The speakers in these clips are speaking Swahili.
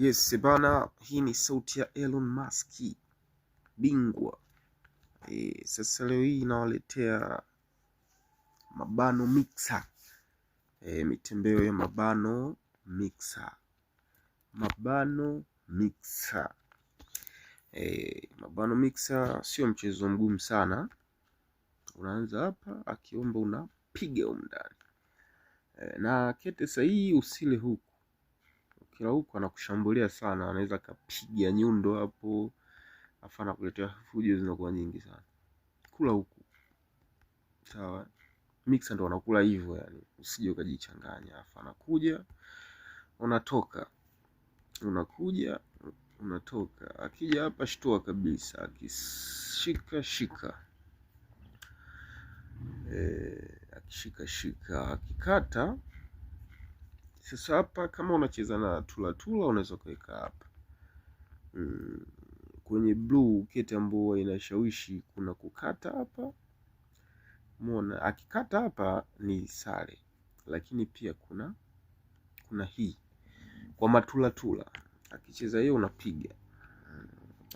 Yes bana, hii ni sauti ya Elon Musk bingwa e. Sasa leo hii inawaletea mabano mixer e, mitembeo ya mabano mixer, mabano mixer e, mabano mixer sio mchezo mgumu sana, unaanza hapa, akiomba unapiga umndani e, na kete sahihi, usile huku akirauka anakushambulia sana, anaweza akapiga nyundo hapo, afu anakuletea fujo zinakuwa nyingi sana. Kula huku sawa, Mixer ndo anakula hivyo, yani usije ukajichanganya. afu anakuja unatoka, unakuja unatoka. Akija hapa shtua kabisa, akishika shika e, akishika shika akikata sasa hapa kama unacheza na tulatula unaweza ukaweka hapa mm, kwenye bluu kete ambayo inashawishi kuna kukata hapa mona, akikata hapa ni sare, lakini pia kuna kuna hii kwa matulatula, akicheza hiyo unapiga,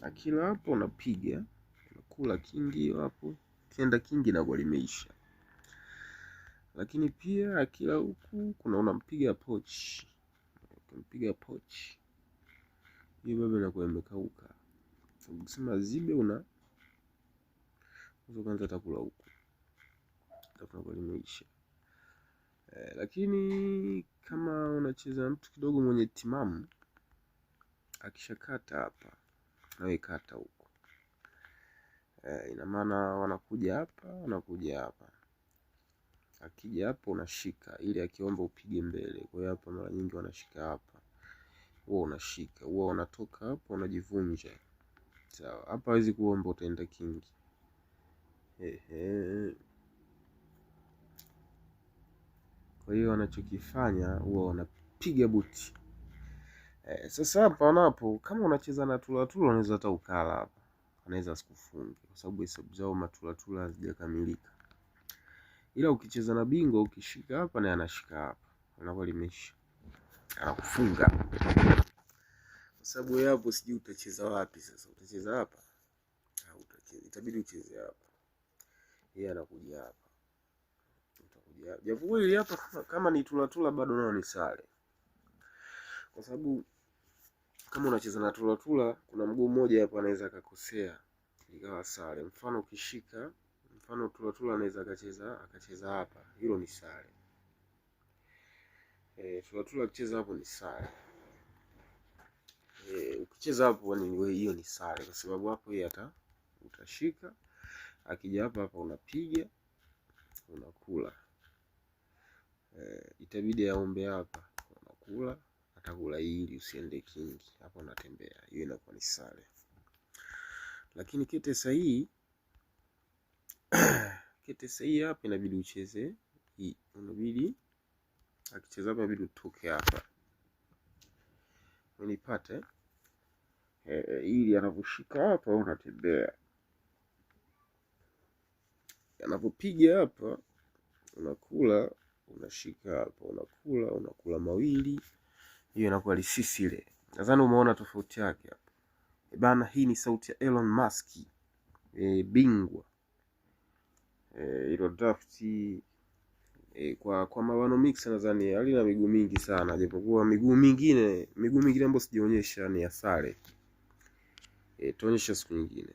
akila hapo unapiga, unakula kingi hapo, kienda kingi na goli limeisha lakini pia akila huku kuna unampiga pochi, ukimpiga pochi hiyo baba inakuwa imekauka. Ukisema zibe una kwanza atakula huku takunakuelimisha eh, lakini kama unacheza mtu kidogo mwenye timamu akishakata hapa nawe kata huku eh, ina maana wanakuja hapa wanakuja hapa akija hapo unashika, ili akiomba upige mbele. Kwa hiyo hapa mara nyingi wanashika hapa, huwa unashika, huwa unatoka hapo unajivunja. Sawa, hapa hawezi kuomba, utaenda kingi. Ehe. Kwa hiyo wanachokifanya huwa wanapiga buti. Eh, sasa hapa wanapo, kama unacheza na tulatula, unaweza hata ukala hapa, anaweza asikufunge kwa sababu hesabu zao matulatula hazijakamilika ila ukicheza na bingo ukishika hapa na anashika hapa, anakuelimisha anakufunga, kwa sababu yeye hapo sijui utacheza wapi. Sasa utacheza hapa au ah, utacheza, itabidi ucheze hapa, yeye anakuja hapa, utakuja hapa. Japo hili hapa kama ni tulatula bado nao ni sare, kwa sababu kama unacheza na tulatula, kuna mguu mmoja hapa anaweza akakosea ikawa sare. Mfano ukishika mfano Tulatula anaweza akacheza akacheza hapa, hilo ni sare e, Tulatula akicheza hapo ni sare e, ukicheza hapo ni hiyo ni sare, kwa sababu hapo yeye ata utashika, akija hapa hapa unapiga unakula. E, itabidi aombe hapa unakula atakula hili usiende kingi, hapo unatembea, hiyo inakuwa ni sare. Lakini kete sahihi KTC hii hapa inabidi ucheze hii, inabidi akicheza hapa inabidi utoke hapa, unipate eh, eh ili anavyoshika hapa unatembea, anavyopiga hapa unakula, unashika hapa, unakula, unakula mawili, hiyo inakuwa lisisi ile. Nadhani umeona tofauti yake hapa eh, bana. Hii ni sauti ya Elon Musk, e, bingwa Eh, hilo eh, drafti kwa kwa Mabano Mix nadhani alina miguu mingi sana, japokuwa miguu mingine miguu mingine ambayo sijaonyesha ni ya sare. Eh, tuonyesha siku nyingine.